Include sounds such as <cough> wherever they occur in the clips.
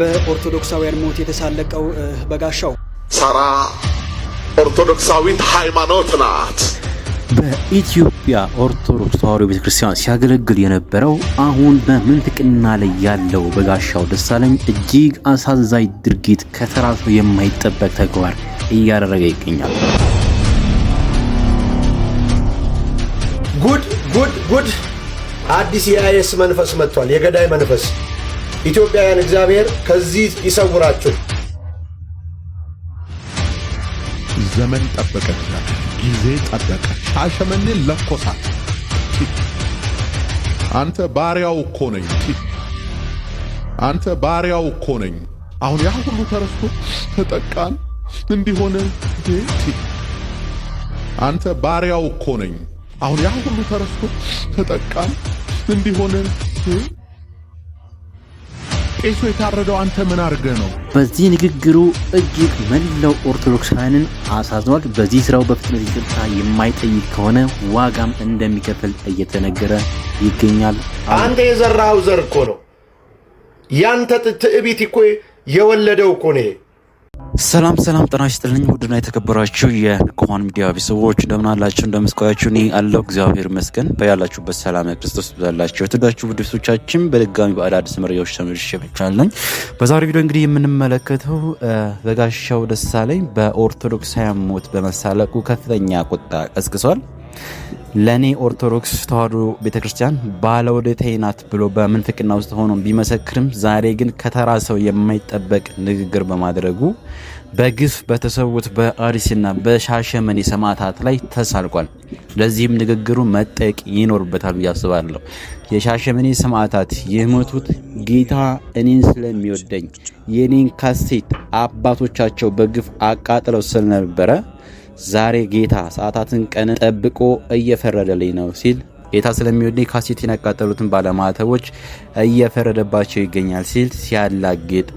በኦርቶዶክሳውያን ሞት የተሳለቀው በጋሻው ሳራ ኦርቶዶክሳዊት ሃይማኖት ናት። በኢትዮጵያ ኦርቶዶክስ ተዋሕዶ ቤተ ክርስቲያን ሲያገለግል የነበረው አሁን በምንጥቅና ላይ ያለው በጋሻው ደሳለኝ እጅግ አሳዛኝ ድርጊት ከተራ የማይጠበቅ ተግባር እያደረገ ይገኛል። ጉድ ጉድ ጉድ! አዲስ የአይስ መንፈስ መጥቷል። የገዳይ መንፈስ ኢትዮጵያውያን እግዚአብሔር ከዚህ ይሰውራችሁ። ዘመን ጠበቀ፣ ጊዜ ጠበቀ፣ ሻሸመኔን ለኮሳት። አንተ ባሪያው እኮ ነኝ፣ አንተ ባሪያው እኮ ነኝ። አሁን ያ ሁሉ ተረስቶ ተጠቃን እንዲሆነ አንተ ባሪያው እኮ ነኝ። አሁን ያ ሁሉ ተረስቶ ተጠቃን እንዲሆነ ቄሱ የታረደው አንተ ምን አድርገ ነው? በዚህ ንግግሩ እጅግ መላው ኦርቶዶክሳውያንን አሳዝኗል። በዚህ ስራው በፍጥነት ይቅርታ የማይጠይቅ ከሆነ ዋጋም እንደሚከፍል እየተነገረ ይገኛል። አንተ የዘራኸው ዘር እኮ ነው። ያንተ ትዕቢት እኮ የወለደው እኮ ነው። ሰላም ሰላም ጤና ይስጥልኝ ውድና የተከበራችሁ የንቁሃን ሚዲያ ቤተሰቦች እንደምን አላችሁ? እንደምስቆያችሁ እኔ አለሁ እግዚአብሔር ይመስገን። በያላችሁበት ሰላም ክርስቶስ ይብዛላችሁ። የተወደዳችሁ ውድ ቤተሰቦቻችን በድጋሚ በአዳዲስ መረጃዎች ተመልሼ መጥቻለሁ። በዛሬ ቪዲዮ እንግዲህ የምንመለከተው በጋሻው ደሳለኝ በኦርቶዶክሳውያን ሞት በመሳለቁ ከፍተኛ ቁጣ ቀስቅሷል። ለእኔ ኦርቶዶክስ ተዋዶ ቤተ ክርስቲያን ባለውለታዬ ናት ብሎ በምንፍቅና ውስጥ ሆኖ ቢመሰክርም ዛሬ ግን ከተራ ሰው የማይጠበቅ ንግግር በማድረጉ በግፍ በተሰዉት በአርሲና በሻሸመኔ ሰማዕታት ላይ ተሳልቋል። ለዚህም ንግግሩ መጠየቅ ይኖርበታል ብዬ አስባለሁ። የሻሸመኔ ሰማዕታት የሞቱት ጌታ እኔን ስለሚወደኝ የኔን ካሴት አባቶቻቸው በግፍ አቃጥለው ስለነበረ ዛሬ ጌታ ሰዓታትን ቀን ጠብቆ እየፈረደልኝ ነው ሲል ጌታ ስለሚወድ ካሴት ያቃጠሉትን ባለማተቦች እየፈረደባቸው ይገኛል ሲል ሲያላግጥ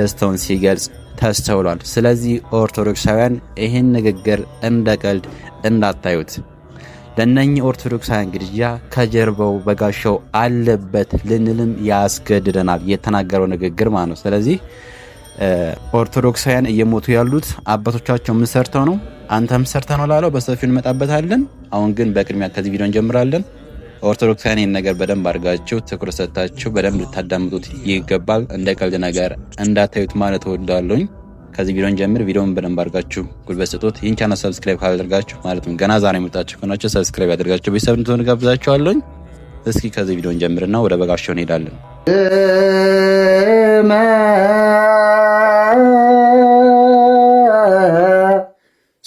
ደስታውን ሲገልጽ ተስተውሏል። ስለዚህ ኦርቶዶክሳውያን ይህን ንግግር እንደ ቀልድ እንዳታዩት። ለእነኚህ ኦርቶዶክሳውያን ግድያ ከጀርባው በጋሻው አለበት ልንልም ያስገድደናል፣ የተናገረው ንግግር ማለት ነው። ስለዚህ ኦርቶዶክሳውያን እየሞቱ ያሉት አባቶቻቸው ምን ሰርተው ነው? አንተም ሰርተ ነው ላለው በሰፊው እንመጣበታለን። አሁን ግን በቅድሚያ ከዚህ ቪዲዮ እንጀምራለን። ኦርቶዶክሳን ይህን ነገር በደንብ አድርጋችሁ ትኩረት ሰጥታችሁ በደንብ ልታዳምጡት ይገባል። እንደ ቀልድ ነገር እንዳታዩት ማለት እወዳለሁኝ። ከዚህ ቪዲዮን ጀምር ቪዲዮን በደንብ አድርጋችሁ ጉልበት ስጡት። ይህን ቻናል ሰብስክራይብ ካላደርጋችሁ ማለትም ገና ዛሬ የመጣችሁ ከሆናችሁ ሰብስክራይብ ያደርጋችሁ ቤተሰብ እንድትሆኑ ጋብዛችኋለሁኝ። እስኪ ከዚህ ቪዲዮን ጀምርና ወደ በጋሻው እንሄዳለን።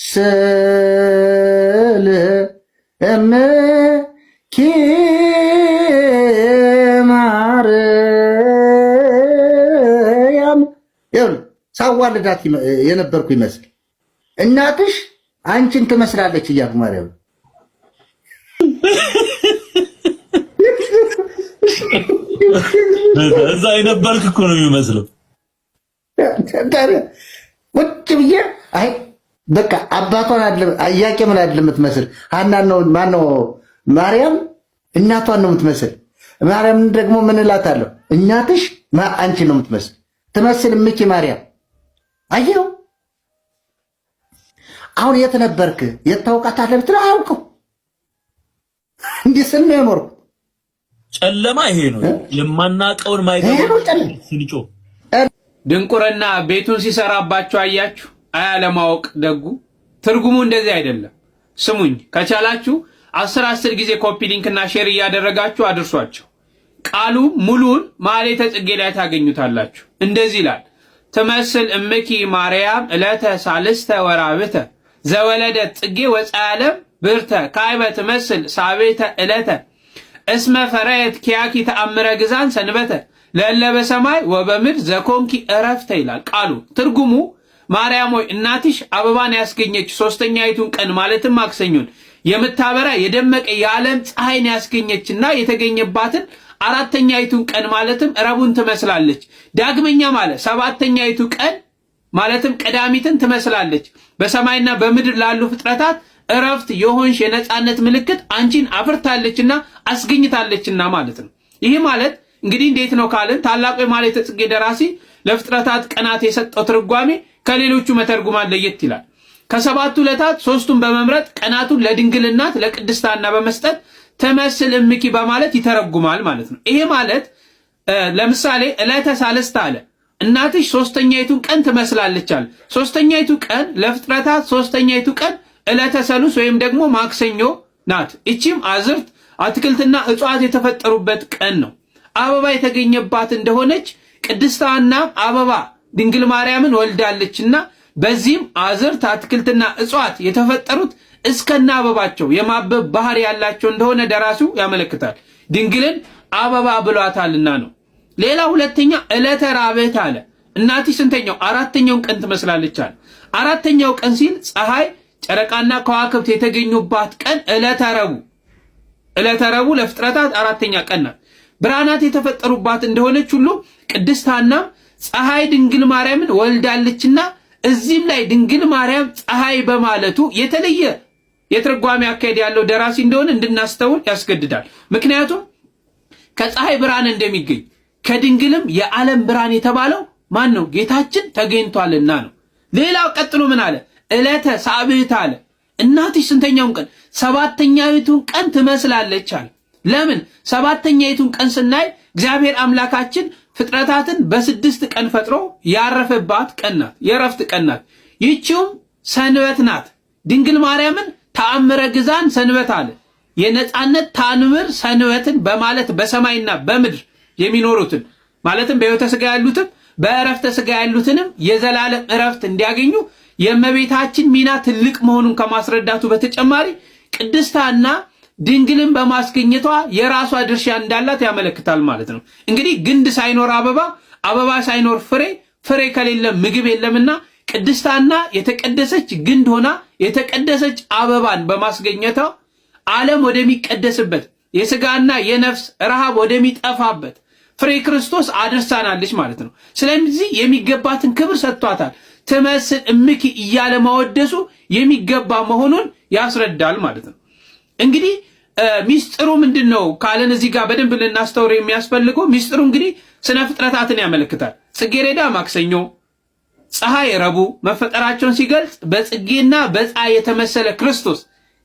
ስል እምኪማርያም ሳዋልዳት የነበርኩ ይመስል እናትሽ አንቺን ትመስላለች እያልኩ ማርያም እዛ የነበርክ እኮ ነው የሚመስለው። ቁጭ ብዬ አይ በቃ አባቷን ምን አይደለም የምትመስል ሀና ነው። ማነው ማርያም እናቷን ነው የምትመስል። ማርያም ደግሞ ምን እላታለሁ እናትሽ አንቺ ነው የምትመስል ትመስል ምኪ ማርያም አየው። አሁን የት ነበርክ? የት ታውቃታለህ ብትለው አያውቅም። እንዲህ ስል ነው የኖርኩ። ጨለማ ይሄ ነው የማናቀውን ማይገባ ድንቁርና ቤቱን ሲሰራባቸው አያችሁ። አያለማወቅ ደጉ ትርጉሙ እንደዚህ አይደለም። ስሙኝ ከቻላችሁ አስር አስር ጊዜ ኮፒ ሊንክና ሼር እያደረጋችሁ አድርሷቸው። ቃሉ ሙሉን ማህሌተ ጽጌ ላይ ታገኙታላችሁ። እንደዚህ ይላል ትመስል እምኪ ማርያም እለተ ሳልስተ ወራብተ ዘወለደት ጽጌ ወፀዓለም ብርተ ካይበ ትመስል ሳቤተ እለተ እስመ ፈረየት ኪያኪ ተአምረ ግዛን ሰንበተ ለእለ በሰማይ ወበምድ ዘኮንኪ እረፍተ ይላል ቃሉ ትርጉሙ ማርያም ሆይ እናትሽ አበባን ያስገኘች ሶስተኛይቱን ቀን ማለትም ማክሰኞን የምታበራ የደመቀ የዓለም ፀሐይን ያስገኘችና የተገኘባትን አራተኛይቱን ቀን ማለትም ረቡን ትመስላለች። ዳግመኛ ማለት ሰባተኛይቱ ቀን ማለትም ቀዳሚትን ትመስላለች። በሰማይና በምድር ላሉ ፍጥረታት እረፍት የሆንሽ የነፃነት ምልክት አንቺን አፍርታለችና አስገኝታለችና ማለት ነው። ይህ ማለት እንግዲህ እንዴት ነው ካልን ታላቁ የማኅሌተ ጽጌ ደራሲ ለፍጥረታት ቀናት የሰጠው ትርጓሜ ከሌሎቹ መተርጉማን ለየት ይላል። ከሰባቱ ዕለታት ሶስቱን በመምረጥ ቀናቱን ለድንግልናት ለቅድስት ሐና በመስጠት ትመስል እምኪ በማለት ይተረጉማል ማለት ነው። ይሄ ማለት ለምሳሌ ዕለተ ሳልስት አለ እናትሽ ሶስተኛይቱን ቀን ትመስላለች አለ። ሶስተኛይቱ ቀን ለፍጥረታት ሶስተኛይቱ ቀን ዕለተ ሰሉስ ወይም ደግሞ ማክሰኞ ናት። እቺም አዝርት አትክልትና እጽዋት የተፈጠሩበት ቀን ነው። አበባ የተገኘባት እንደሆነች ቅድስት ሐናም አበባ ድንግል ማርያምን ወልዳለችና በዚህም አዝርት አትክልትና እጽዋት የተፈጠሩት እስከና አበባቸው የማበብ ባህር ያላቸው እንደሆነ ደራሲው ያመለክታል። ድንግልን አበባ ብሏታልና ነው። ሌላ ሁለተኛ ዕለተ ራብሕት አለ። እናቲ ስንተኛው? አራተኛውን ቀን ትመስላለች አለ። አራተኛው ቀን ሲል ፀሐይ፣ ጨረቃና ከዋክብት የተገኙባት ቀን ዕለተ ረቡዕ። ዕለተ ረቡዕ ለፍጥረታት አራተኛ ቀን ናት። ብርሃናት የተፈጠሩባት እንደሆነች ሁሉ ቅድስት ፀሐይ ድንግል ማርያምን ወልዳለችና እዚህም ላይ ድንግል ማርያም ፀሐይ በማለቱ የተለየ የትርጓሜ አካሄድ ያለው ደራሲ እንደሆነ እንድናስተውል ያስገድዳል። ምክንያቱም ከፀሐይ ብርሃን እንደሚገኝ ከድንግልም የዓለም ብርሃን የተባለው ማን ነው? ጌታችን ተገኝቷልና ነው። ሌላው ቀጥሎ ምን አለ? ዕለተ ሳብዕት አለ። እናትሽ ስንተኛውን ቀን? ሰባተኛዊቱን ቀን ትመስላለች አለ። ለምን? ሰባተኛዊቱን ቀን ስናይ እግዚአብሔር አምላካችን ፍጥረታትን በስድስት ቀን ፈጥሮ ያረፈባት ቀን ናት፣ የእረፍት ቀን ናት። ሰንበት ናት። ድንግል ማርያምን ተአምረ ግዛን ሰንበት አለ። የነፃነት ታንምር ሰንበትን በማለት በሰማይና በምድር የሚኖሩትን ማለትም በሕይወተ ሥጋ ያሉትም በእረፍተ ሥጋ ያሉትንም የዘላለም እረፍት እንዲያገኙ የእመቤታችን ሚና ትልቅ መሆኑን ከማስረዳቱ በተጨማሪ ቅድስታና ድንግልን በማስገኘቷ የራሷ ድርሻ እንዳላት ያመለክታል ማለት ነው። እንግዲህ ግንድ ሳይኖር አበባ፣ አበባ ሳይኖር ፍሬ፣ ፍሬ ከሌለ ምግብ የለምና ቅድስታና የተቀደሰች ግንድ ሆና የተቀደሰች አበባን በማስገኘቷ ዓለም ወደሚቀደስበት የስጋና የነፍስ ረሃብ ወደሚጠፋበት ፍሬ ክርስቶስ አድርሳናለች ማለት ነው። ስለዚህ የሚገባትን ክብር ሰጥቷታል። ትመስል እምኪ እያለ ማወደሱ የሚገባ መሆኑን ያስረዳል ማለት ነው እንግዲህ ሚስጥሩ ምንድን ነው ካለን እዚህ ጋር በደንብ ልናስተውር የሚያስፈልገው ሚስጥሩ እንግዲህ ስነ ፍጥረታትን ያመለክታል። ጽጌረዳ ማክሰኞ፣ ፀሐይ ረቡዕ መፈጠራቸውን ሲገልጽ በጽጌና በፀሐይ የተመሰለ ክርስቶስ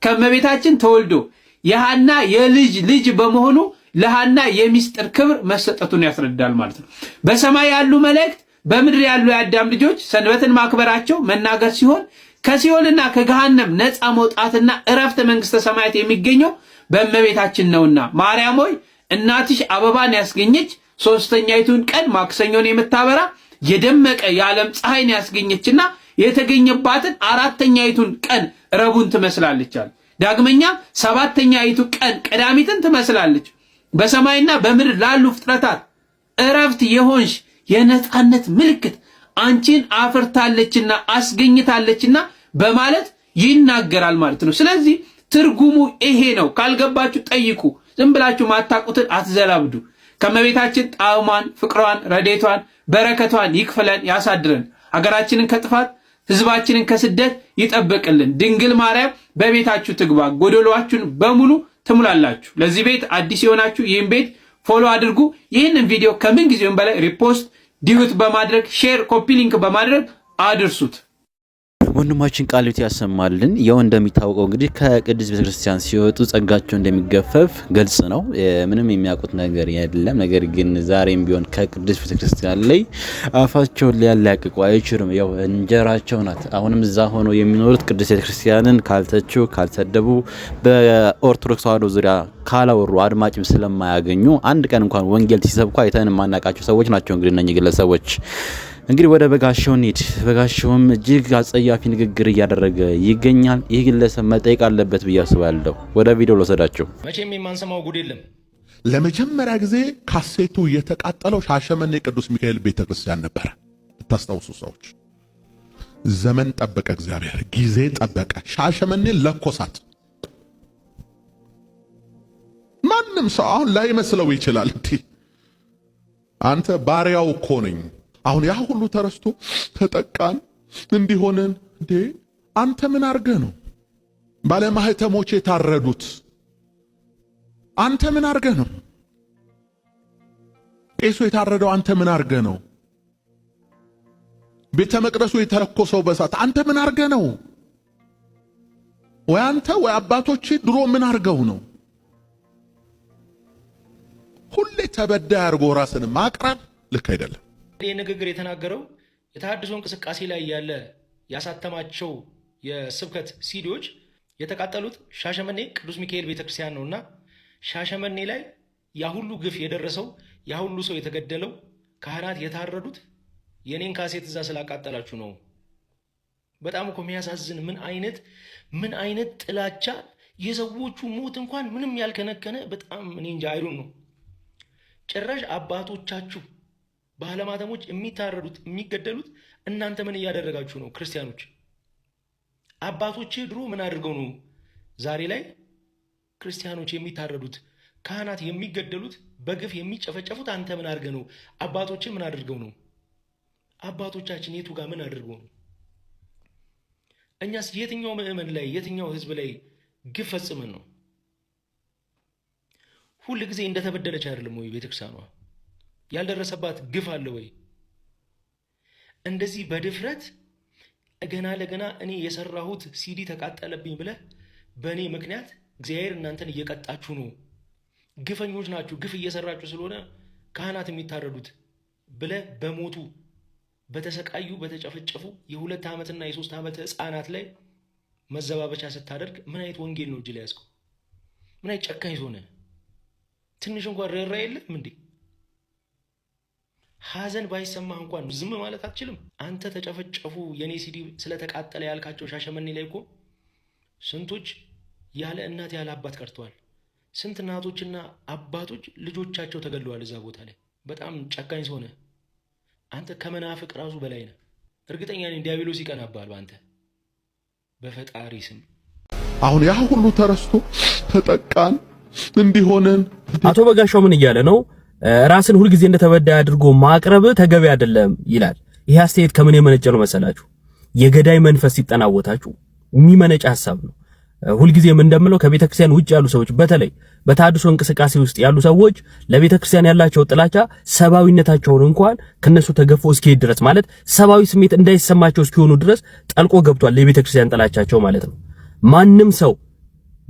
ከመቤታችን ተወልዶ የሃና የልጅ ልጅ በመሆኑ ለሃና የሚስጥር ክብር መሰጠቱን ያስረዳል ማለት ነው። በሰማይ ያሉ መላእክት በምድር ያሉ የአዳም ልጆች ሰንበትን ማክበራቸው መናገር ሲሆን ከሲኦልና ከገሃነም ነፃ መውጣትና እረፍተ መንግስተ ሰማያት የሚገኘው በእመቤታችን ነውና ማርያም ሆይ እናትሽ አበባን ያስገኘች ሶስተኛይቱን ቀን ማክሰኞን የምታበራ የደመቀ የዓለም ፀሐይን ያስገኘችና የተገኘባትን አራተኛይቱን ቀን ረቡን ትመስላለች አለ። ዳግመኛ ሰባተኛይቱ ቀን ቀዳሚትን ትመስላለች። በሰማይና በምድር ላሉ ፍጥረታት እረፍት የሆንሽ የነፃነት ምልክት አንቺን አፍርታለችና አስገኝታለችና በማለት ይናገራል ማለት ነው። ስለዚህ ትርጉሙ ይሄ ነው። ካልገባችሁ ጠይቁ። ዝም ብላችሁ ማታቁትን አትዘላብዱ። ከመቤታችን ጣዕሟን፣ ፍቅሯን፣ ረዴቷን፣ በረከቷን ይክፈለን ያሳድረን። ሀገራችንን ከጥፋት ህዝባችንን ከስደት ይጠብቅልን። ድንግል ማርያም በቤታችሁ ትግባ፣ ጎደሏችሁን በሙሉ ትሙላላችሁ። ለዚህ ቤት አዲስ የሆናችሁ ይህን ቤት ፎሎ አድርጉ። ይህንን ቪዲዮ ከምን ጊዜውም በላይ ሪፖስት ዲዩት በማድረግ ሼር፣ ኮፒ ሊንክ በማድረግ አድርሱት። ወንድማችን ቃልቤት ያሰማልን። ያው እንደሚታወቀው እንግዲህ ከቅድስት ቤተክርስቲያን ሲወጡ ጸጋቸው እንደሚገፈፍ ግልጽ ነው። ምንም የሚያውቁት ነገር የለም። ነገር ግን ዛሬም ቢሆን ከቅድስት ቤተክርስቲያን ላይ አፋቸውን ሊያላቅቁ አይችሉም። ያው እንጀራቸው ናት። አሁንም እዛ ሆነው የሚኖሩት ቅድስት ቤተክርስቲያንን ካልተቹ፣ ካልሰደቡ፣ በኦርቶዶክስ ተዋህዶ ዙሪያ ካላወሩ አድማጭም ስለማያገኙ አንድ ቀን እንኳን ወንጌል ሲሰብኩ አይተን የማናውቃቸው ሰዎች ናቸው። እንግዲህ እነኚህ ግለሰቦች እንግዲህ ወደ በጋሻው እንሂድ። በጋሻውም እጅግ አጸያፊ ንግግር እያደረገ ይገኛል። ይህ ግለሰብ መጠየቅ አለበት ብዬ አስባለሁ። ወደ ቪዲዮ ልወሰዳቸው። መቼም የማንሰማው ጉድ የለም። ለመጀመሪያ ጊዜ ካሴቱ የተቃጠለው ሻሸመኔ ቅዱስ ሚካኤል ቤተክርስቲያን ነበረ። ብታስታውሱ ሰዎች፣ ዘመን ጠበቀ፣ እግዚአብሔር ጊዜ ጠበቀ። ሻሸመኔ ለኮሳት። ማንም ሰው አሁን ላይ መስለው ይችላል። አንተ ባሪያው እኮ ነኝ አሁን ያ ሁሉ ተረስቶ ተጠቃን እንዲሆንን። እንዴ አንተ ምን አርገ ነው ባለማህተሞች የታረዱት? አንተ ምን አርገ ነው ቄሱ የታረደው? አንተ ምን አርገ ነው ቤተ መቅደሱ የተለኮሰው በሳት? አንተ ምን አርገ ነው? ወይ አንተ ወይ አባቶች ድሮ ምን አድርገው ነው? ሁሌ ተበዳይ አድርጎ ራስን ማቅረብ ልክ አይደለም። ይህ ንግግር የተናገረው የተሃድሶ እንቅስቃሴ ላይ ያለ ያሳተማቸው የስብከት ሲዲዎች የተቃጠሉት ሻሸመኔ ቅዱስ ሚካኤል ቤተክርስቲያን ነውና ሻሸመኔ ላይ ያሁሉ ግፍ የደረሰው ያሁሉ ሰው የተገደለው ካህናት የታረዱት የኔን ካሴት እዛ ስላቃጠላችሁ ነው። በጣም እኮ የሚያሳዝን ምን አይነት ምን አይነት ጥላቻ የሰዎቹ ሞት እንኳን ምንም ያልከነከነ በጣም እኔ እንጃ አይሉን ነው ጭራሽ አባቶቻችሁ ባለማተሞች የሚታረዱት የሚገደሉት እናንተ ምን እያደረጋችሁ ነው? ክርስቲያኖች አባቶች ድሮ ምን አድርገው ነው ዛሬ ላይ ክርስቲያኖች የሚታረዱት ካህናት የሚገደሉት በግፍ የሚጨፈጨፉት አንተ ምን አድርገ ነው? አባቶች ምን አድርገው ነው? አባቶቻችን የቱ ጋር ምን አድርገው ነው? እኛስ የትኛው ምዕመን ላይ የትኛው ህዝብ ላይ ግፍ ፈጽመን ነው? ሁል ጊዜ እንደተበደለች አይደለም ወይ ቤተክርስቲያኗ? ያልደረሰባት ግፍ አለ ወይ? እንደዚህ በድፍረት ገና ለገና እኔ የሰራሁት ሲዲ ተቃጠለብኝ ብለህ በእኔ ምክንያት እግዚአብሔር እናንተን እየቀጣችሁ ነው፣ ግፈኞች ናችሁ፣ ግፍ እየሰራችሁ ስለሆነ ካህናት የሚታረዱት ብለህ በሞቱ በተሰቃዩ በተጨፈጨፉ የሁለት ዓመትና የሶስት ዓመት ህፃናት ላይ መዘባበቻ ስታደርግ ምን አይነት ወንጌል ነው እጅ ላይ ያዝከው? ምን አይነት ጨካኝ ሆነ? ትንሽ እንኳን ርኅራኄ የለም እንዴ? ሀዘን ባይሰማህ እንኳን ዝም ማለት አትችልም። አንተ ተጨፈጨፉ የኔ ሲዲ ስለተቃጠለ ያልካቸው ሻሸመኔ ላይ እኮ ስንቶች ያለ እናት ያለ አባት ቀርተዋል። ስንት እናቶችና አባቶች ልጆቻቸው ተገለዋል እዛ ቦታ ላይ። በጣም ጨካኝ ሰው ነህ አንተ። ከመናፍቅ ራሱ በላይ ነህ። እርግጠኛ ነኝ ዲያብሎስ ይቀናብሃል በአንተ በፈጣሪ ስም። አሁን ያ ሁሉ ተረስቶ ተጠቃን እንዲሆነን አቶ በጋሻው ምን እያለ ነው? ራስን ሁልጊዜ እንደተበዳይ አድርጎ ማቅረብ ተገቢ አይደለም ይላል። ይህ አስተያየት ከምን የመነጨ ነው መሰላችሁ? የገዳይ መንፈስ ሲጠናወታችሁ የሚመነጭ ሐሳብ ነው። ሁልጊዜም እንደምለው ከቤተክርስቲያን ውጭ ያሉ ሰዎች በተለይ በታድሶ እንቅስቃሴ ውስጥ ያሉ ሰዎች ለቤተክርስቲያን ያላቸው ጥላቻ ሰብአዊነታቸውን እንኳን ከነሱ ተገፎ እስኪሄድ ድረስ ማለት ሰብአዊ ስሜት እንዳይሰማቸው እስኪሆኑ ድረስ ጠልቆ ገብቷል የቤተክርስቲያን ጥላቻቸው ማለት ነው። ማንም ሰው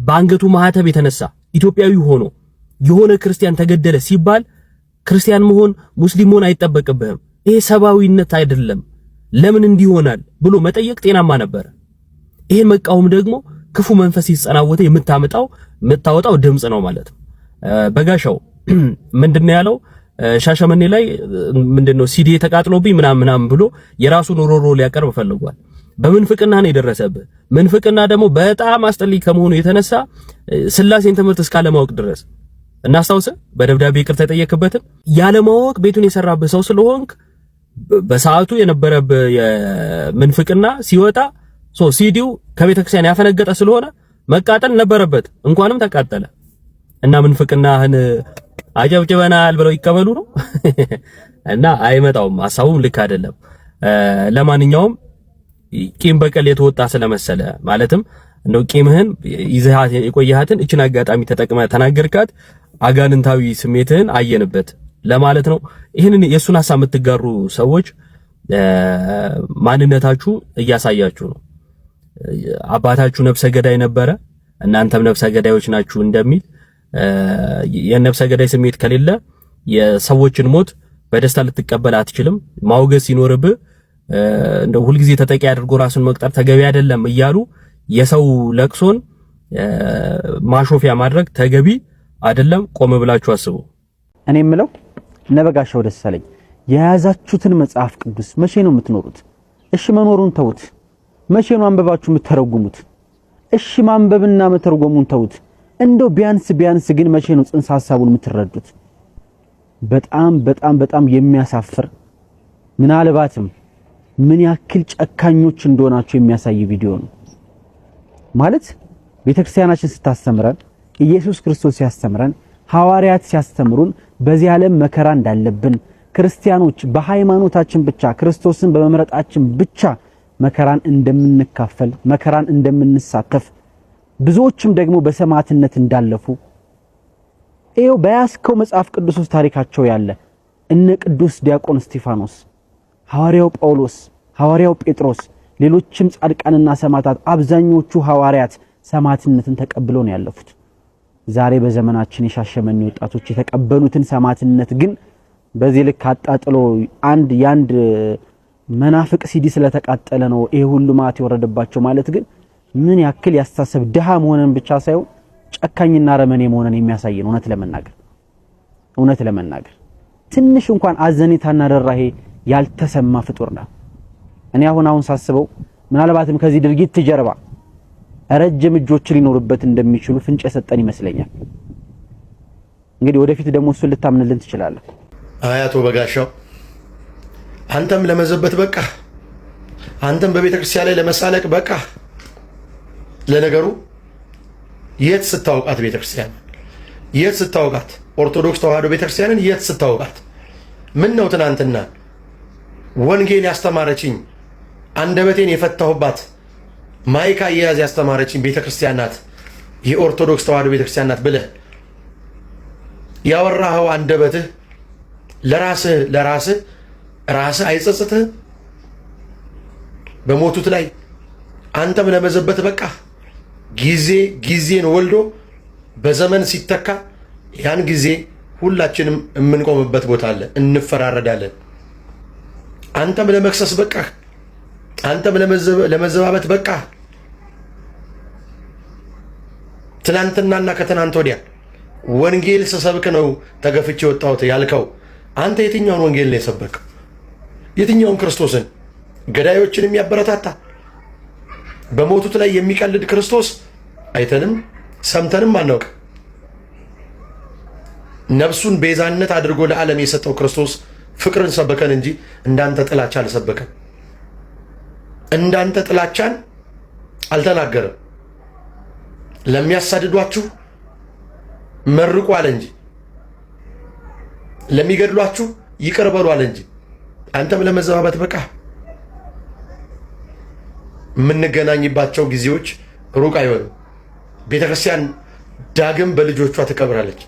በአንገቱ ማህተብ የተነሳ ኢትዮጵያዊ ሆኖ የሆነ ክርስቲያን ተገደለ ሲባል ክርስቲያን መሆን ሙስሊም መሆን አይጠበቅብህም፣ ይሄ ሰብአዊነት አይደለም፣ ለምን እንዲሆናል ብሎ መጠየቅ ጤናማ ነበር? ይሄን መቃወም ደግሞ ክፉ መንፈስ ሲጸናወተ የምታመጣው የምታወጣው ድምጽ ነው ማለት ነው። በጋሻው <clears throat> ምንድን ነው ያለው? ሻሸመኔ ላይ ምንድነው ሲዲ ተቃጥሎብኝ ምናምን ምናምን ብሎ የራሱን ሮሮ ሊያቀርብ ፈልጓል። በምንፍቅና ነው የደረሰብህ። ምንፍቅና ደግሞ በጣም አስጠሊ ከመሆኑ የተነሳ ስላሴን ትምህርት እስካለማወቅ ድረስ እናስታውስ በደብዳቤ ይቅርታ የጠየቅበትም ያለማወቅ ቤቱን የሰራብህ ሰው ስለሆንክ በሰዓቱ የነበረብህ የምንፍቅና ሲወጣ ሲዲው ከቤተክርስቲያን ያፈነገጠ ስለሆነ መቃጠል ነበረበት። እንኳንም ተቃጠለ እና ምንፍቅናህን አጨብጭበናል ብለው ይቀበሉ ነው <laughs> እና አይመጣውም። ሀሳቡም ልክ አይደለም። ለማንኛውም ቂም በቀል የተወጣ ስለመሰለ ማለትም እንደው ቂምህን ይዘሃት የቆየሃትን እችን አጋጣሚ ተጠቅመ ተናገርካት። አጋንንታዊ ስሜትህን አየንበት ለማለት ነው። ይህንን የእሱን ሀሳብ የምትጋሩ ሰዎች ማንነታችሁ እያሳያችሁ ነው። አባታችሁ ነፍሰ ገዳይ ነበረ፣ እናንተም ነፍሰ ገዳዮች ናችሁ እንደሚል የነፍሰ ገዳይ ስሜት ከሌለ የሰዎችን ሞት በደስታ ልትቀበል አትችልም። ማውገዝ ሲኖርብህ እንደ ሁልጊዜ ተጠቂ አድርጎ ራሱን መቅጠር ተገቢ አይደለም እያሉ የሰው ለቅሶን ማሾፊያ ማድረግ ተገቢ አይደለም። ቆም ብላችሁ አስቡ። እኔ የምለው ነበጋሻው ደሳለኝ የያዛችሁትን መጽሐፍ ቅዱስ መቼ ነው የምትኖሩት? እሺ መኖሩን ተውት። መቼ ነው አንብባችሁ የምትተረጉሙት? እሺ ማንበብና መተርጎሙን ተውት። እንደው ቢያንስ ቢያንስ ግን መቼ ነው ጽንሰ ሐሳቡን የምትረዱት? በጣም በጣም በጣም የሚያሳፍር ምናልባትም ምን ያክል ጨካኞች እንደሆናችሁ የሚያሳይ ቪዲዮ ነው ማለት ቤተክርስቲያናችን ስታስተምረን ኢየሱስ ክርስቶስ ሲያስተምረን፣ ሐዋርያት ሲያስተምሩን በዚህ ዓለም መከራ እንዳለብን ክርስቲያኖች በሃይማኖታችን ብቻ ክርስቶስን በመምረጣችን ብቻ መከራን እንደምንካፈል መከራን እንደምንሳተፍ ብዙዎችም ደግሞ በሰማዕትነት እንዳለፉ ይኸው በያስከው መጽሐፍ ቅዱስ ውስጥ ታሪካቸው ያለ እነ ቅዱስ ዲያቆን እስጢፋኖስ፣ ሐዋርያው ጳውሎስ፣ ሐዋርያው ጴጥሮስ፣ ሌሎችም ጻድቃንና ሰማዕታት አብዛኞቹ ሐዋርያት ሰማዕትነትን ተቀብለው ነው ያለፉት። ዛሬ በዘመናችን የሻሸመኔ ወጣቶች የተቀበሉትን ሰማዕትነት ግን በዚህ ልክ አጣጥሎ አንድ የአንድ መናፍቅ ሲዲ ስለተቃጠለ ነው ይሄ ሁሉ ማት የወረደባቸው ማለት ግን ምን ያክል ያስተሳሰብ ድሃ መሆንን ብቻ ሳይሆን ጨካኝና ረመኔ መሆንን የሚያሳየን እውነት ለመናገር እውነት ለመናገር ትንሽ እንኳን አዘኔታና ደራሄ ያልተሰማ ፍጡር ነው። እኔ አሁን አሁን ሳስበው ምናልባትም ከዚህ ድርጊት ጀርባ ረጅም እጆች ሊኖርበት እንደሚችሉ ፍንጭ የሰጠን ይመስለኛል። እንግዲህ ወደፊት ደግሞ እሱን ልታምንልን ትችላለህ። አያቶ በጋሻው አንተም ለመዘበት በቃ፣ አንተም በቤተ ክርስቲያን ላይ ለመሳለቅ በቃ። ለነገሩ የት ስታውቃት ቤተ ክርስቲያን የት ስታውቃት ኦርቶዶክስ ተዋህዶ ቤተ ክርስቲያንን የት ስታውቃት? ምን ነው ትናንትና ወንጌን ያስተማረችኝ አንደበቴን የፈታሁባት ማይክ አያያዝ ያስተማረችኝ ቤተክርስቲያን ናት፣ የኦርቶዶክስ ተዋህዶ ቤተክርስቲያን ናት ብለህ ያወራኸው አንደበትህ ለራስህ ለራስህ ራስህ አይጸጽትህም? በሞቱት ላይ አንተም ለመዘበት በቃ ጊዜ ጊዜን ወልዶ በዘመን ሲተካ ያን ጊዜ ሁላችንም የምንቆምበት ቦታ አለ፣ እንፈራረዳለን። አንተም ለመክሰስ በቃህ፣ አንተም ለመዘባበት በቃህ። ትናንትናና ከትናንት ወዲያ ወንጌል ስሰብክ ነው ተገፍቼ ወጣሁት ያልከው አንተ የትኛውን ወንጌል ነው የሰበክ? የትኛውን ክርስቶስን? ገዳዮችን የሚያበረታታ በሞቱት ላይ የሚቀልድ ክርስቶስ አይተንም ሰምተንም አናውቅ። ነፍሱን ቤዛነት አድርጎ ለዓለም የሰጠው ክርስቶስ ፍቅርን ሰበከን እንጂ እንዳንተ ጥላቻ አልሰበከን። እንዳንተ ጥላቻን አልተናገረም። ለሚያሳድዷችሁ መርቁ አለ እንጂ ለሚገድሏችሁ ይቅር በሉ አለ እንጂ። አንተም ለመዘባበት በቃ። የምንገናኝባቸው ጊዜዎች ሩቅ አይሆንም። ቤተክርስቲያን ዳግም በልጆቿ ትቀብራለች።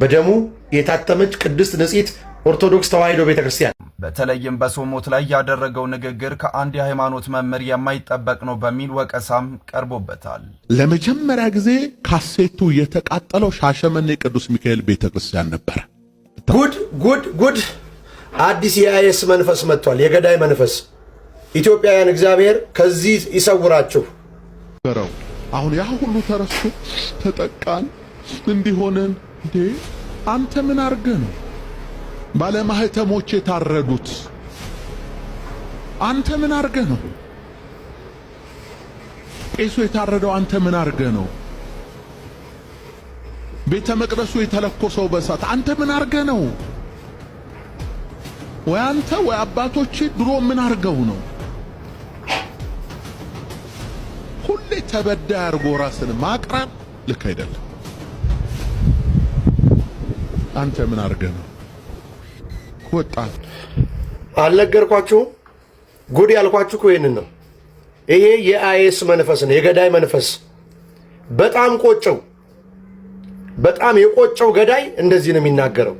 በደሙ የታተመች ቅድስት ንጽሕት ኦርቶዶክስ ተዋሕዶ ቤተ ክርስቲያን በተለይም በሶሞት ላይ ያደረገው ንግግር ከአንድ የሃይማኖት መምህር የማይጠበቅ ነው በሚል ወቀሳም ቀርቦበታል። ለመጀመሪያ ጊዜ ካሴቱ የተቃጠለው ሻሸመኔ ቅዱስ ሚካኤል ቤተ ክርስቲያን ነበረ። ጉድ ጉድ ጉድ! አዲስ የአይስ መንፈስ መጥቷል፣ የገዳይ መንፈስ። ኢትዮጵያውያን እግዚአብሔር ከዚህ ይሰውራችሁ። አሁን ያ ሁሉ ተረስቶ ተጠቃን እንዲሆነን እንዴ! አንተ ምን አርገ ነው ባለማህተሞች የታረዱት አንተ ምን አርገ ነው? ቄሱ የታረደው አንተ ምን አርገ ነው? ቤተ መቅደሱ የተለኮሰው በእሳት አንተ ምን አርገ ነው? ወይ አንተ ወይ አባቶች ድሮ ምን አርገው ነው? ሁሌ ተበዳይ አርጎ ራስን ማቅረብ ልክ አይደለም። አንተ ምን አርገ ነው? ወጣ። አልነገርኳችሁም? ጉድ ያልኳችሁ እኮ ይህንን ነው። ይሄ የአይኤስ መንፈስ ነው፣ የገዳይ መንፈስ። በጣም ቆጨው፣ በጣም የቆጨው ገዳይ እንደዚህ ነው የሚናገረው።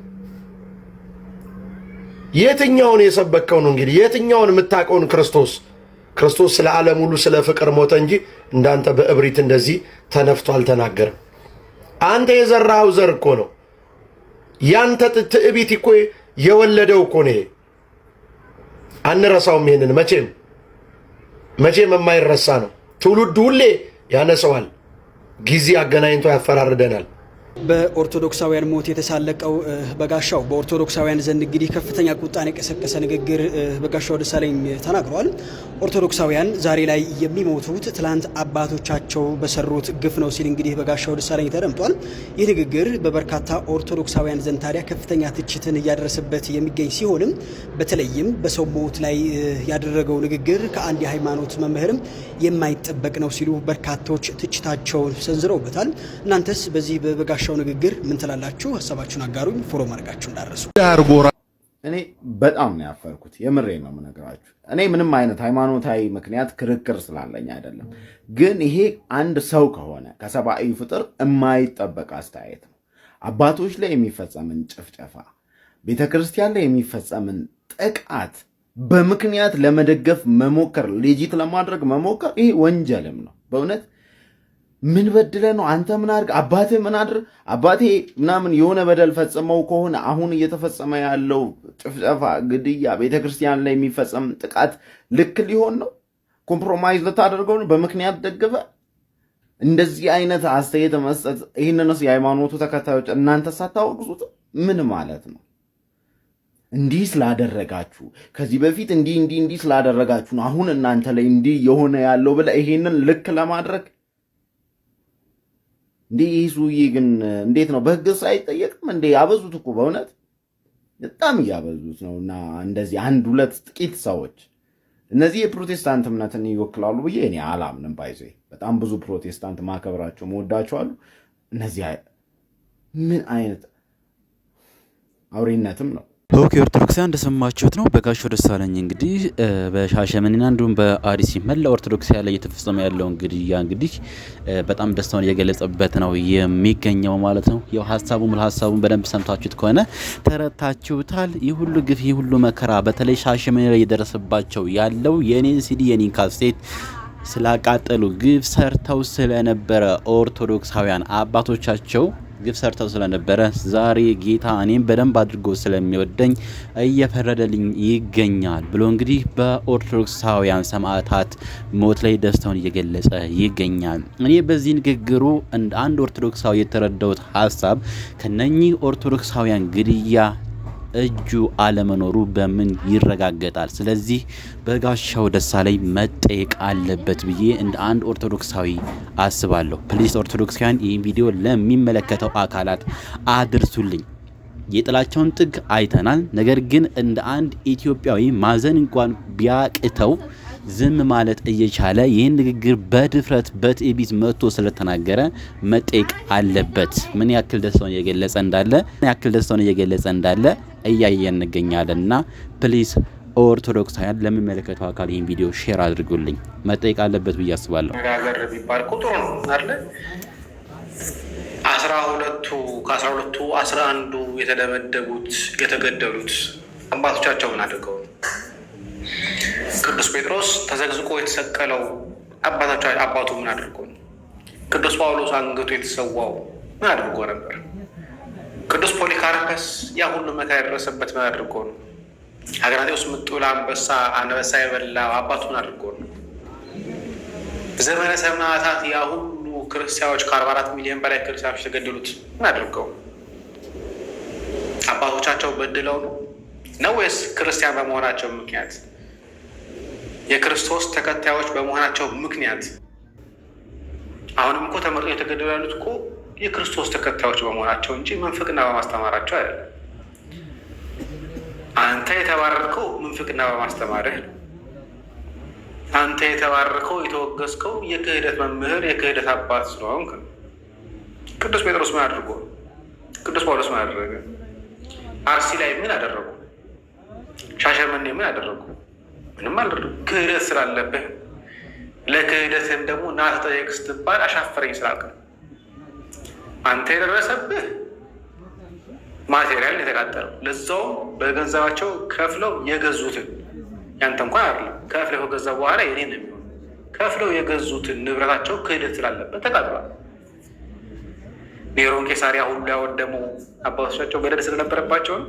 የትኛውን የሰበከው ነው እንግዲህ? የትኛውን የምታውቀውን ክርስቶስ ክርስቶስ ስለ ዓለም ሁሉ ስለ ፍቅር ሞተ እንጂ እንዳንተ በእብሪት እንደዚህ ተነፍቶ አልተናገርም። አንተ የዘራኸው ዘር እኮ ነው ያንተ ትዕቢት እኮ የወለደው እኮ ነው። አንረሳውም። ይሄንን መቼም መቼም የማይረሳ ነው። ትውልዱ ሁሌ ያነሰዋል። ጊዜ አገናኝቶ ያፈራርደናል። በኦርቶዶክሳውያን ሞት የተሳለቀው በጋሻው በኦርቶዶክሳውያን ዘንድ እንግዲህ ከፍተኛ ቁጣን የቀሰቀሰ ንግግር በጋሻው ደሳለኝ ተናግሯል። ኦርቶዶክሳውያን ዛሬ ላይ የሚሞቱት ትላንት አባቶቻቸው በሰሩት ግፍ ነው ሲል እንግዲህ በጋሻው ደሳለኝ ተደምጧል። ይህ ንግግር በበርካታ ኦርቶዶክሳውያን ዘንድ ታዲያ ከፍተኛ ትችትን እያደረሰበት የሚገኝ ሲሆንም በተለይም በሰው ሞት ላይ ያደረገው ንግግር ከአንድ የሃይማኖት መምህርም የማይጠበቅ ነው ሲሉ በርካቶች ትችታቸውን ሰንዝረውበታል። እናንተስ በዚህ በበጋ የመጨረሻው ንግግር ምን ትላላችሁ? ሀሳባችሁን አጋሩኝ። ፎሮ አድርጋችሁ እንዳረሱ እኔ በጣም ነው ያፈርኩት። የምሬ ነው ምነግራችሁ። እኔ ምንም አይነት ሃይማኖታዊ ምክንያት ክርክር ስላለኝ አይደለም፣ ግን ይሄ አንድ ሰው ከሆነ ከሰብአዊ ፍጥር የማይጠበቅ አስተያየት ነው። አባቶች ላይ የሚፈጸምን ጭፍጨፋ፣ ቤተ ክርስቲያን ላይ የሚፈጸምን ጥቃት በምክንያት ለመደገፍ መሞከር፣ ሌጂት ለማድረግ መሞከር ይሄ ወንጀልም ነው በእውነት ምን በድለ ነው አንተ ምን አድርግ አባቴ ምን አድር አባቴ ምናምን የሆነ በደል ፈጽመው ከሆነ አሁን እየተፈጸመ ያለው ጭፍጨፋ፣ ግድያ፣ ቤተክርስቲያን ላይ የሚፈጸም ጥቃት ልክ ሊሆን ነው? ኮምፕሮማይዝ ልታደርገው ነው? በምክንያት ደግፈ እንደዚህ አይነት አስተያየት መስጠት ይህንን የሃይማኖቱ ተከታዮች እናንተ ሳታወቅሱት ምን ማለት ነው? እንዲህ ስላደረጋችሁ ከዚህ በፊት እንዲህ እንዲህ እንዲህ ስላደረጋችሁ ነው አሁን እናንተ ላይ እንዲህ የሆነ ያለው ብለ ይሄንን ልክ ለማድረግ እንዴ ይህ ሰውዬ ግን እንዴት ነው በህግ አይጠየቅም እንዴ? ያበዙት እኮ በእውነት በጣም እያበዙት ነው። እና እንደዚህ አንድ ሁለት ጥቂት ሰዎች እነዚህ የፕሮቴስታንት እምነትን ይወክላሉ ብዬ እኔ አላምንም። ባይዘ በጣም ብዙ ፕሮቴስታንት ማከብራቸው መወዳቸዋሉ። እነዚህ ምን አይነት አውሬነትም ነው። ኦኬ ኦርቶዶክሳውያን እንደሰማችሁት ነው። በጋሻው ደሳለኝ እንግዲህ በሻሸመኔና እንዲሁም በአርሲ መላ ኦርቶዶክሳ ላይ እየተፈጸመ ያለው እንግዲህ ያ እንግዲህ በጣም ደስታውን እየገለጸበት ነው የሚገኘው ማለት ነው። ያው ሀሳቡ ሙሉ ሀሳቡን በደንብ ሰምታችሁት ከሆነ ተረታችሁታል። ይህ ሁሉ ግፍ፣ ይህ ሁሉ መከራ በተለይ ሻሸመኔ ላይ እየደረሰባቸው ያለው የኔን ሲዲ የኔን ካሴት ስላቃጠሉ ግፍ ሰርተው ስለነበረ ኦርቶዶክሳውያን አባቶቻቸው ግፍ ሰርተው ስለነበረ ዛሬ ጌታ እኔም በደንብ አድርጎ ስለሚወደኝ እየፈረደልኝ ይገኛል ብሎ እንግዲህ በኦርቶዶክሳውያን ሰማዕታት ሞት ላይ ደስታውን እየገለጸ ይገኛል። እኔ በዚህ ንግግሩ እንደ አንድ ኦርቶዶክሳዊ የተረዳሁት ሀሳብ ከነኚህ ኦርቶዶክሳውያን ግድያ እጁ አለመኖሩ በምን ይረጋገጣል? ስለዚህ በጋሻው ደሳለኝ መጠየቅ አለበት ብዬ እንደ አንድ ኦርቶዶክሳዊ አስባለሁ። ፕሊስ ኦርቶዶክሳውያን ይህን ቪዲዮ ለሚመለከተው አካላት አድርሱልኝ። የጥላቸውን ጥግ አይተናል። ነገር ግን እንደ አንድ ኢትዮጵያዊ ማዘን እንኳን ቢያቅተው ዝም ማለት እየቻለ ይህን ንግግር በድፍረት በትዕቢት መጥቶ ስለተናገረ መጠየቅ አለበት። ምን ያክል ደስታውን እየገለጸ እንዳለ ምን ያክል ደስታውን እየገለጸ እንዳለ እያየ እንገኛለን እና ፕሊዝ ኦርቶዶክሳውያን ለሚመለከተው አካል ይህን ቪዲዮ ሼር አድርጉልኝ። መጠየቅ አለበት ብዬ አስባለሁ። ጋገር ቢባል ቁጥሩ ነው አለ አስራ ሁለቱ ከአስራ ሁለቱ አስራ አንዱ የተደበደቡት የተገደሉት አባቶቻቸውን አድርገው ቅዱስ ጴጥሮስ ተዘግዝቆ የተሰቀለው አባታቸው አባቱ ምን አድርጎ ነው? ቅዱስ ጳውሎስ አንገቱ የተሰዋው ምን አድርጎ ነበር? ቅዱስ ፖሊካርፐስ ያ ሁሉ መከራ የደረሰበት ምን አድርጎ ነው? አግናጤዎስ ምጡል አንበሳ አንበሳ የበላው አባቱ ምን አድርጎ ነው? ዘመነ ሰማዕታት ያ ሁሉ ክርስቲያኖች ከአርባ አራት ሚሊዮን በላይ ክርስቲያኖች የተገደሉት ምን አድርገው አባቶቻቸው በድለው ነው ነው ወይስ ክርስቲያን በመሆናቸው ምክንያት የክርስቶስ ተከታዮች በመሆናቸው ምክንያት አሁንም እኮ ተመርጦ የተገደሉ ያሉት እኮ የክርስቶስ ተከታዮች በመሆናቸው እንጂ ምንፍቅና በማስተማራቸው አይደለም። አንተ የተባረርከው ምንፍቅና በማስተማርህ ነው። አንተ የተባረከው የተወገዝከው የክህደት መምህር የክህደት አባት ስለሆንክ ቅዱስ ጴጥሮስ ምን አድርጎ ቅዱስ ጳውሎስ ምን አደረገ? አርሲ ላይ ምን አደረጉ? ሻሸመኔ ምን አደረጉ? ምንም አልረዱም። ክህደት ስላለብህ ለክህደትህም ደግሞ ና ተጠየቅ ስትባል አሻፈረኝ ስላልክ አንተ የደረሰብህ ማቴሪያል የተቃጠለው ለዛውም በገንዘባቸው ከፍለው የገዙትን ያንተ እንኳን አለ ከፍለው ከገዛ በኋላ የኔ ነው የሚሆን ከፍለው የገዙትን ንብረታቸው ክህደት ስላለበት ተቃጥሏል። ኔሮን ቄሳሪያ ሁሉ ያወደሙ አባቶቻቸው በደል ስለነበረባቸውን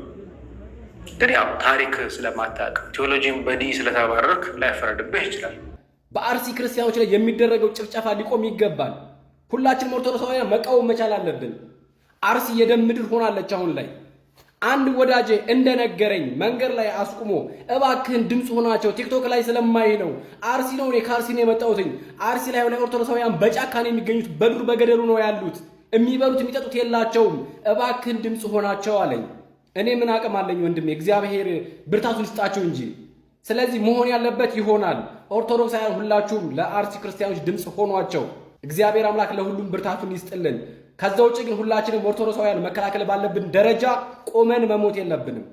ግን ያው ታሪክ ስለማታውቅ ቴዎሎጂን በዲ ስለተባረክ ላይፈረድብህ ይችላል። በአርሲ ክርስቲያኖች ላይ የሚደረገው ጭፍጨፋ ሊቆም ይገባል። ሁላችንም ኦርቶዶክሳውያን መቃወም መቻል አለብን። አርሲ የደም ምድር ሆናለች አሁን ላይ። አንድ ወዳጄ እንደነገረኝ መንገድ ላይ አስቁሞ እባክህን ድምፅ ሆናቸው ቲክቶክ ላይ ስለማይ ነው። አርሲ ነው እኔ ከአርሲ ነው የመጣሁትኝ። አርሲ ላይ ሆነ ኦርቶዶክሳውያን በጫካ ነው የሚገኙት፣ በዱር በገደሉ ነው ያሉት። የሚበሉት የሚጠጡት የላቸውም። እባክህን ድምፅ ሆናቸው አለኝ። እኔ ምን አቅም አለኝ ወንድሜ፣ እግዚአብሔር ብርታቱን ይስጣችሁ እንጂ። ስለዚህ መሆን ያለበት ይሆናል። ኦርቶዶክሳውያን ሁላችሁም ለአርሲ ክርስቲያኖች ድምፅ ሆኗቸው። እግዚአብሔር አምላክ ለሁሉም ብርታቱን ይስጥልን። ከዛ ውጭ ግን ሁላችንም ኦርቶዶክሳውያን መከላከል ባለብን ደረጃ ቆመን መሞት የለብንም።